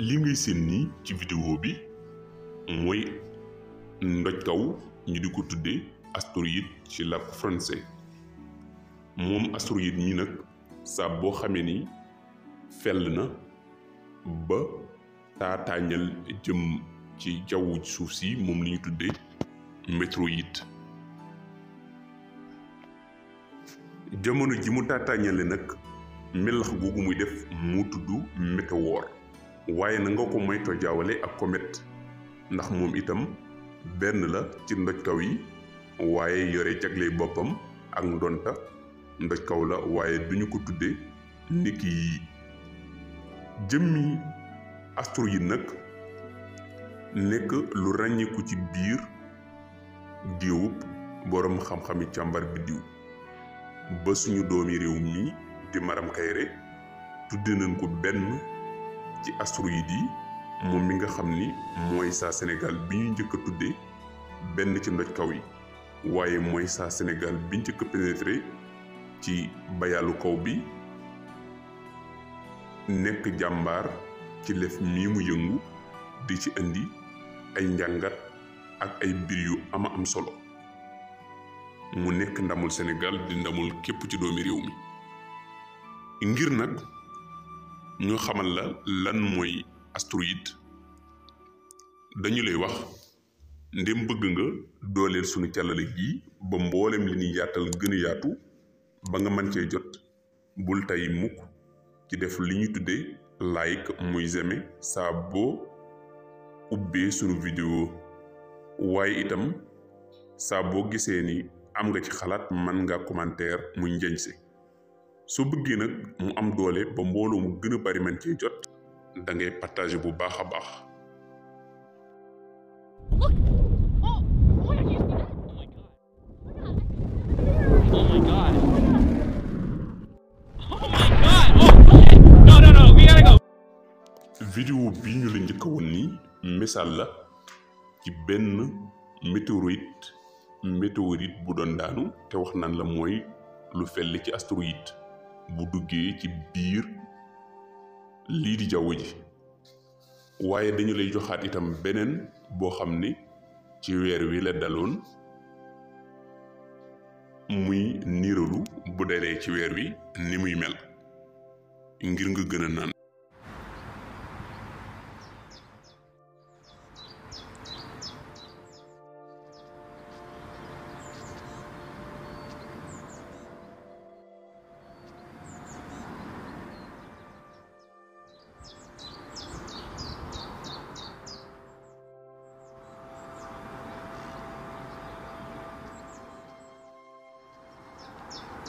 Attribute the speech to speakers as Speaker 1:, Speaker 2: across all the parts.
Speaker 1: li ngay seen nii ci vidéo bi mooy ndoj kaw ñu di ko tuddee astéroïde ci làkku français moom astéroïde mi nag saa boo xamee ni fell na ba taataañal jëm ci jawwu suuf si moom li ñu tuddee météorite jamono ji mu taataañale nag melax googu muy def mu tudd météore waaye na nga ko moytoo jaawale ak comète ndax moom itam benn la ci ndoj kaw yi waaye yore jagle boppam ak ndonta ndoj kaw la waaye duñu ko tudde ni ki jëmmi yi nag nekk lu ràññeeku ci biir géewub boroom xam-xami càmbar biddiw ba suñu doomi réew mi di Maram Kayré tudde nañ ko benn ci astéroïdes yi moom mi nga xam ni mooy saa Sénégal bi ñu njëkk a benn ci ndoj kaw yi waaye mooy saa Sénégal bi ñu njëkk ci bayaalu kaw bi nekk jàmbaar ci lef mii mu yëngu di ci indi ay njàngat ak ay mbir yu ama am solo mu nekk ndamul senegal di ndamul képp ci doomi réew mi ngir nag ñu xamal la lan mooy astéroïde dañu lay wax ndem bëgg nga dooleel suñu càllale gi ba mboolem li ñuy yaatal gën yaatu ba nga mën cee jot bul tey mukk ci def li ñu tuddee layk muy zeme saab boo ubbee suñu vidéo waaye itam saa boo gisee ni am nga ci xalaat mën nga commentaire mu njëñ si su bëggee nag mu am doole ba mbooloo mu gën a bari man cee jot da ngay partager bu baax a baax. vidéo bii ñu la njëkk woon nii misaal la ci benn météorite météorite bu doon daanu te wax naan la mooy lu fell ci astéroïde bu duggee ci biir lii di jaww ji waaye dañu lay joxaat itam beneen boo xam ni ci weer wi la daloon muy niiralu bu dalee ci weer wi ni muy mel ngir nga gën a naan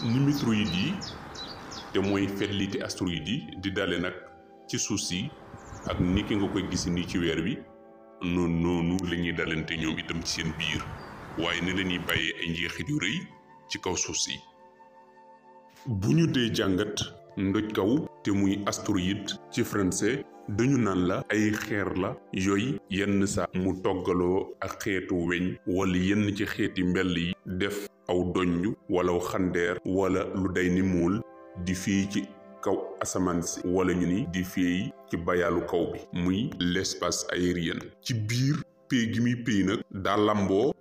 Speaker 1: limitroïdes yi te mooy fëtlite astéroïdes yi di dale nag ci suuf si ak ni ki nga koy gis nii ci weer bi noonu noonu la ñuy dalante ñoom itam ci seen biir waaye ne lañuy bàyyee ay njeexit yu rëy ci kaw suuf si bu ñu dee jàngat ndoj kaw te muy astéroïde ci français dañu naan la ay xeer la yooyu yenn saa mu toggaloo ak xeetu weñ wala yenn ci xeeti mbel yi def aw doññ wala xandeer wala lu day ni muul di fii ci kaw asamaan si wala ñu ni di fii ci bayaalu kaw bi muy l'espace aérien ci biir pay gi muy pay nag daa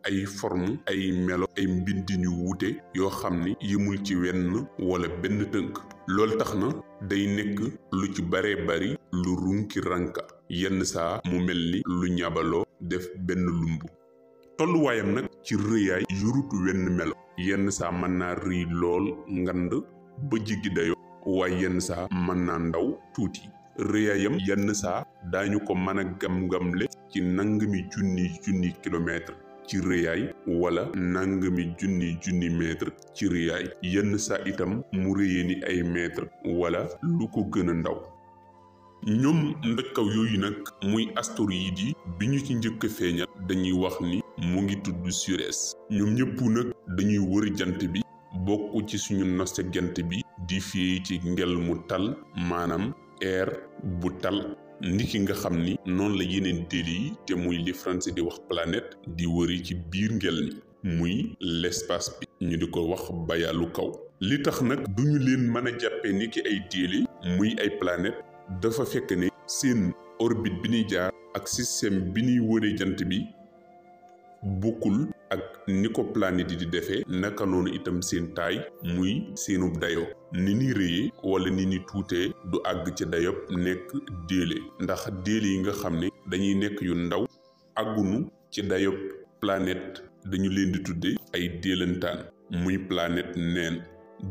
Speaker 1: ay form ay melo ay mbindin yu wuute yoo xam ni yi yëmul ci wenn wala benn tënk loolu tax na day nekk lu ci baree bari lu runki ranka yenn saa mu mel ni lu ñabaloo def benn lumb tolluwaayam nag ci rëyaay yurut wenn melo yenn saa man naa rëy lool ngand ba jiggi dayo waaye yenn saa mën naa ndaw tuuti rëyaayam yenn saa dañu ko mën a gam-gamle ci nangami junni junni kilomètre ci rëyaay wala nangami junni junni mètre ci rëyaay yenn saa itam mu rëyee ni ay mètre wala lu ko gën a ndaw ñoom ndëkkaw yooyu nag muy astéroïdes yi bi ñu ci njëkk a feeñal dañuy wax ni mu ngi tudd Sures ñoom ñëpp nag dañuy wëri jant bi bokk ci suñu nose jant bi di fii ci ngel mu tal maanaam air bu tal niki nga xam ni noonu la yeneen dér yi te muy li français di wax planète di wëri ci biir ngel mi muy l'espace bi ñu di ko wax bayalu kaw li tax nag duñu leen mën a jàppe ni ki ay déeli muy ay planète dafa fekk ni seen orbite bi ñuy jaar ak système bi ñuy wëree jant bi bokkul ak ni ko planète di defe naka noonu itam seen taay muy seenub dayo ni ni rëyee wala ni ni tuute du àgg ci dayob nekk déele ndax déele yi nga xam ni dañuy nekk yu ndaw àggunu ci dayob planète dañu leen di tudde ay déelantaan muy planète neen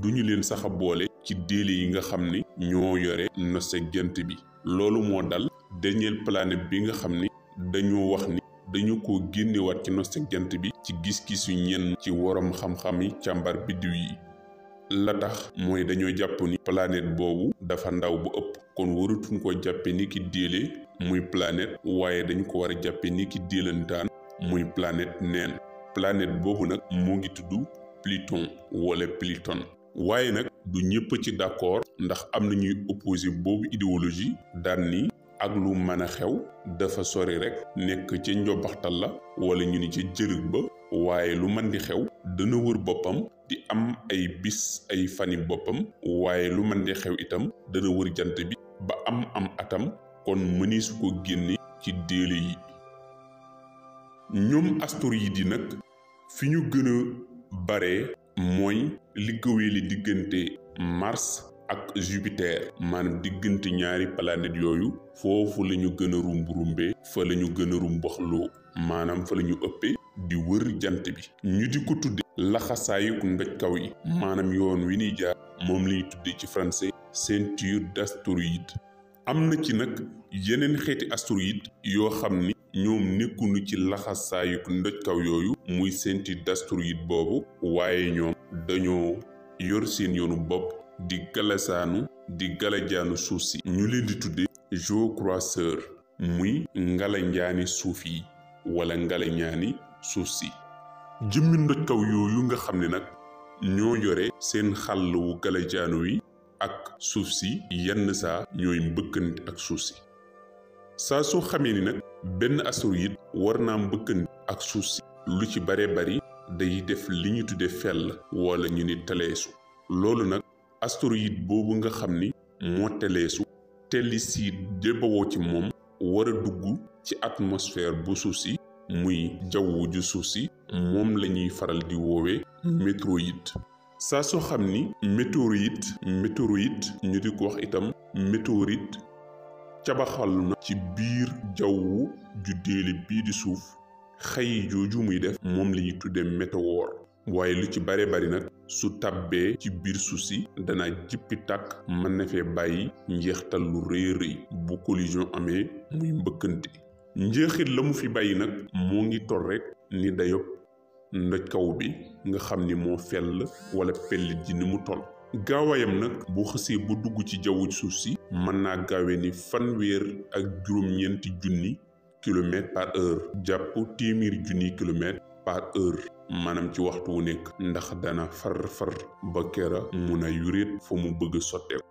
Speaker 1: duñu leen sax a boole ci déele yi nga xam ni ñoo yore na sa bi loolu moo dal dernier planète bi nga xam ni dañoo wax ni dañu ko génnewaat ci nos jant bi ci gis-gisu ñenn ci worom xam-xam yi càmbar biddiw yi la tax mooy dañoo jàpp ni planète boobu dafa ndaw bu ëpp kon waratuñ ko jàppe ni ki déele muy planète waaye dañ ko war a jàppe ni ki déelantaan muy planète neen planète boobu nag mu ngi tudd Pluton wala Pluton waaye nag du ñëpp ci d'accord ndax am na ñuy opposé boobu idéologie daan ni ak lu mën a xew dafa sori rek nekk ca njobbaxtal la wala ñu ni ca jërëg ba waaye lu mën di xew dana wër boppam di am ay bis ay fani boppam waaye lu mën di xew itam dana wër jant bi ba am am atam kon mëneesu ko génne ci déele yi ñoom astori yi di nag fi ñu gën bare mooy liggéeyali diggante Mars ak Jupiter maanaam diggante ñaari planète yooyu foofu la ñu gën a rumb rumbe fa la ñu gën a rumbaxloo maanaam fa lañu ñu ëppee di wër jant bi ñu di ko tudde laxasaayuk ndoj kaw yi maanaam yoon wi ñuy jaar moom lañuy tudde ci français ceinture d'astéroïdes am na ci nag yeneen xeeti astéroïdes yoo xam ni ñoom nekkunu ci laxasaayuk ndoj kaw yooyu muy seenti dastur yit boobu waaye ñoom dañoo yor seen yoonu bopp di galasaanu di galajaanu suuf si ñu leen di tudde géocroiseur muy ngalanjaani suuf yi wala ngalañaani suuf si jëmmi ndoj kaw yooyu nga xam ne nag ñoo yore seen xàll wu galajaanu wi ak suuf si yenn saa ñooy mbëkkante ak suuf si saa soo xamee ni nag benn astéroïde war naa mbëkkan ak suuf si lu ci bare bari day def li ñu tudde fell walla ñu ni teleesu loolu nag astéroïde boobu nga xam ni moo teleesu telli si ci moom war a dugg ci atmosphère bu suuf si muy jawwu ju suuf si moom la ñuy faral di woowe météorite saa soo xam ni météorite météorite ñu di ko wax itam météorite cabaxal na ci biir jawwu ju déele bii di suuf xëy jooju muy def moom la ñuy tudde météore waaye lu ci bare bari nag su tabbee ci biir suuf si dana jippi tàkk mën na fee bàyyi njeextal lu rëy rëy bu collision amee muy mbëkkante njeexit la mu fi bàyyi nag mu ngi tol rekk ni dayob ndoj kaw bi nga xam ni moo fell wala pellit ji ni mu tol gaawaayam nag bu xësee ba dugg ci jawwu suuf si mën naa gaawe ni fanweer ak juróom-ñeenti junni kilomètres par heure jàpp téeméeri junni kilomètres par heure maanaam ci waxtu wu nekk ndax dana far far ba kera mun a yuréet fa mu bëgg sotteeku